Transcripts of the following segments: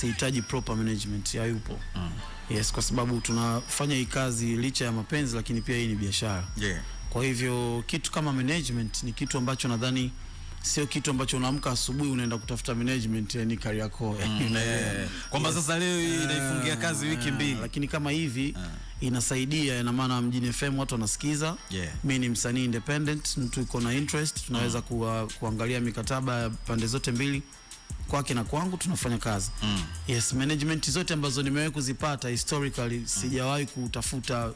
sihitaji proper management, hayupo mm. Yes, kwa sababu tunafanya hii kazi licha ya mapenzi, lakini pia hii ni biashara yeah. Kwa hivyo kitu kama management ni kitu ambacho nadhani sio kitu ambacho unaamka asubuhi unaenda kutafuta management ni career yako mm, yeah. kwamba yes. Sasa leo hii inaifungia ah, kazi wiki mbili ah, Lakini kama hivi yeah. Inasaidia, ina maana Mjini FM watu wanasikiza yeah. Mimi ni msanii independent, mtu iko na interest tunaweza mm. kuwa, kuangalia mikataba ya pande zote mbili kwake na kwangu tunafanya kazi mm. Yes, management zote ambazo nimewahi kuzipata historically mm. sijawahi kutafuta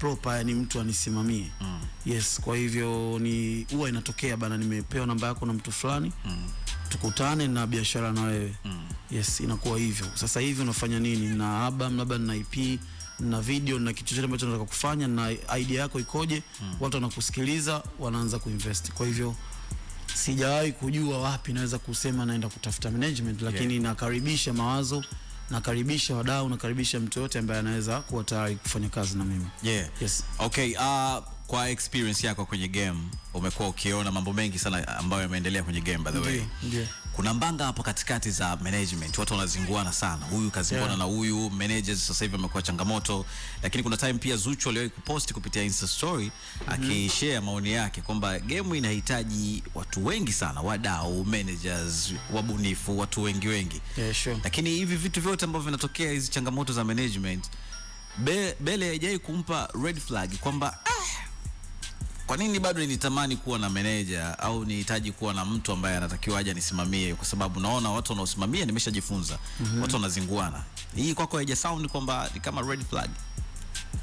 proper, yani mtu anisimamie mm. Yes, kwa hivyo ni huwa inatokea bana, nimepewa namba yako na mtu fulani mm. tukutane na biashara na wewe mm. Yes, inakuwa hivyo. Sasa hivi unafanya nini na album, labda na EP na video na kitu chochote ambacho nataka kufanya na idea yako ikoje? mm. watu wanakusikiliza, wanaanza kuinvest, kwa hivyo sijawahi kujua wapi naweza kusema naenda kutafuta management, lakini yeah. nakaribisha mawazo nakaribisha wadau, nakaribisha mtu yote ambaye anaweza kuwa tayari kufanya kazi na mimi. Yeah. Yes. Okay, uh, kwa experience yako kwenye game umekuwa ukiona mambo mengi sana ambayo yameendelea kwenye game by the way. Ndiyo, ndiyo kuna mbanga hapo katikati za management, watu wanazinguana sana, huyu kazinguana yeah, na huyu managers. Sasa hivi amekuwa changamoto, lakini kuna time pia Zuchu aliwahi kupost kupitia Insta story mm -hmm, akishare maoni yake kwamba game inahitaji watu wengi sana, wadau, managers, wabunifu, watu wengi wengi, yeah, sure. Lakini hivi vitu vyote ambavyo vinatokea, hizi changamoto za management, be, Bele haijai kumpa red flag kwamba kwa nini bado nilitamani kuwa na meneja au nihitaji kuwa na mtu ambaye anatakiwa aje nisimamie, kwa sababu naona watu wanaosimamia nimeshajifunza, mm -hmm. watu wanazinguana. Hii kwako kwa haija sound kwamba ni kama red flag?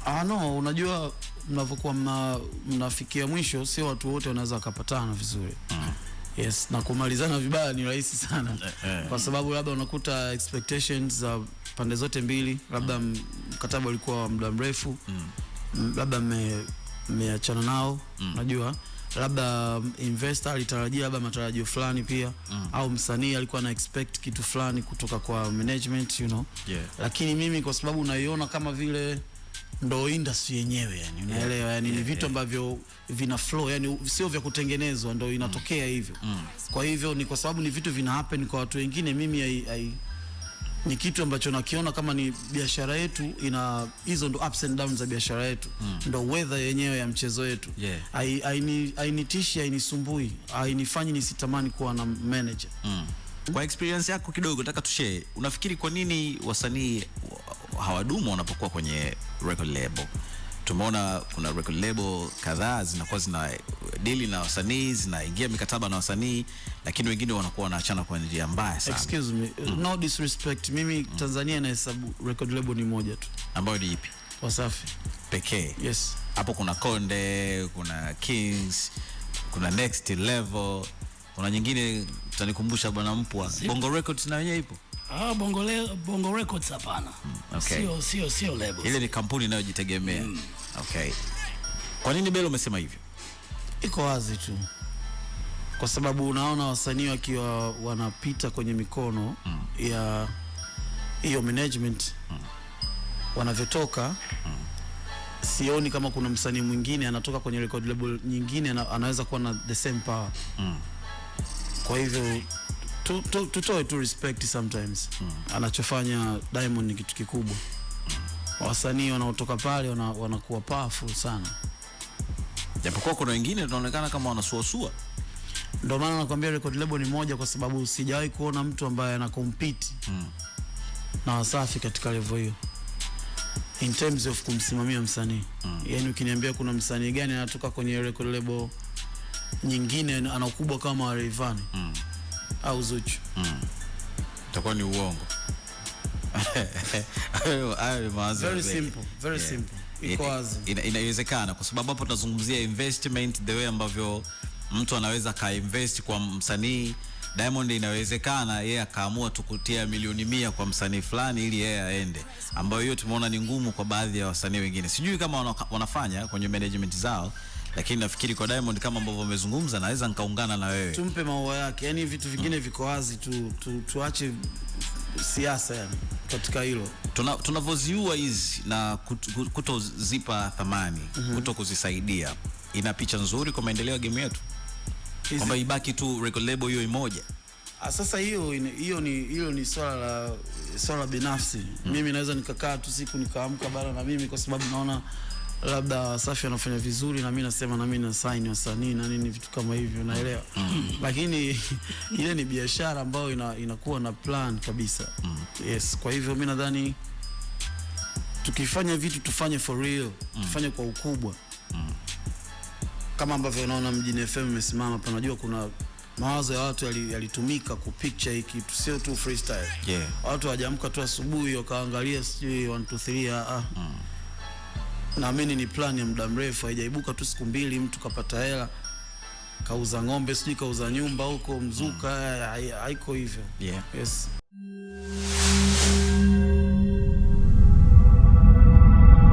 Ah, no, unajua mnapokuwa mna, mnafikia mwisho, sio watu wote wanaweza wakapatana vizuri mm. Yes, na kumalizana vibaya ni rahisi sana eh, eh. kwa sababu labda unakuta expectations za pande zote mbili, labda mm. mkataba ulikuwa wa muda mrefu, mm. labda mme mmeachana nao mm. unajua mm. labda um, investor alitarajia labda matarajio fulani pia mm. au msanii alikuwa na expect kitu fulani kutoka kwa management you know yeah. lakini mimi kwa sababu naiona kama vile ndo industry yenyewe yani, unaelewa yani yeah, ni vitu ambavyo yeah. vina flow yani sio vya kutengenezwa ndo mm. inatokea mm. hivyo mm. kwa hivyo ni kwa sababu ni vitu vina happen kwa watu wengine mimi ai, ai, ni kitu ambacho nakiona kama ni biashara yetu ina hizo ndo ups and downs za biashara yetu mm. Ndo weather yenyewe ya mchezo wetu yeah. ainisumbui hainisumbui, hainifanyi nisitamani kuwa na manager mm. Kwa experience yako kidogo, nataka tushare, unafikiri kwa nini wasanii hawadumu wanapokuwa kwenye record label? tumeona kuna record label kadhaa zinakuwa zina dili na wasanii zinaingia mikataba na wasanii, lakini wengine wanakuwa wanaachana kwa njia mbaya sana. Excuse me, mm. no disrespect, mimi mm. Tanzania nahesabu record label ni moja tu, ambayo ni ipi? Wasafi pekee. Yes, hapo kuna Konde, kuna Kings, kuna Next Level, kuna nyingine, utanikumbusha bwana mpwa, Bongo Records na wenyewe ipo Ah, Bongo le, Bongo Records hapana. Hmm, okay. Sio sio sio label. Ile ni kampuni inayojitegemea. Mm. Okay. Kwa nini Belo umesema hivyo? Iko wazi tu. Kwa sababu unaona wasanii wakiwa wanapita kwenye mikono mm. ya hiyo management mm. wanavyotoka mm. sioni kama kuna msanii mwingine anatoka kwenye record label nyingine anaweza kuwa na the same power. Mm. Kwa hivyo tutoe tu, respect sometimes hmm. Anachofanya Diamond ni kitu kikubwa Wasanii wanaotoka pale wanakuwa powerful sana, japokuwa kuna wengine tunaonekana kama wanasuasua. Ndio maana nakwambia record label ni moja, kwa sababu sijawahi kuona mtu ambaye ana compete hmm. na Wasafi katika level hiyo in terms of kumsimamia msanii hmm. Yani, ukiniambia kuna msanii gani anatoka kwenye record label nyingine ana ukubwa kama Rayvanny hmm au Zuchu mm. ni uongo. Very simple, very yeah. simple. Inawezekana kwa sababu hapo tunazungumzia investment, the way ambavyo mtu anaweza akainvest kwa msanii Diamond. Inawezekana yeye akaamua tu kutia milioni mia kwa msanii fulani ili yeye aende, ambayo hiyo tumeona ni ngumu kwa baadhi ya wasanii wengine. Sijui kama wanafanya kwenye management zao lakini nafikiri kwa Diamond kama ambavyo amezungumza, naweza nikaungana na wewe, tumpe maua yake. Yani vitu vingine viko wazi tu, tu, tuache siasa yani katika hilo tunavyoziua hizi na kutozipa thamani mm -hmm. kuto kuzisaidia ina picha nzuri kwa maendeleo ya game yetu, kwamba ibaki tu record label hiyo moja. Ah, sasa hiyo hiyo ni hilo ni swala la swala binafsi mm. Mimi naweza nikakaa tu siku nikaamka bara na mimi, kwa sababu naona labda Safi anafanya vizuri na mimi nasema na mimi na sign wasanii na nini vitu kama hivyo, unaelewa mm. Lakini ile ni biashara ambayo ina, inakuwa na plan kabisa mm. Yes, kwa hivyo mimi nadhani tukifanya vitu tufanye for real mm. Tufanye kwa ukubwa mm. Kama ambavyo unaona Mjini FM imesimama, panajua kuna mawazo ya watu yalitumika yali kupicha kitu, sio tu freestyle yeah. Watu wajaamka tu asubuhi wakaangalia sijui 1 2 3 ah mm naamini ni plani ya muda mrefu, haijaibuka tu siku mbili mtu kapata hela kauza ng'ombe sijui kauza nyumba huko mzuka, haiko hivyo. Yeah. Yes.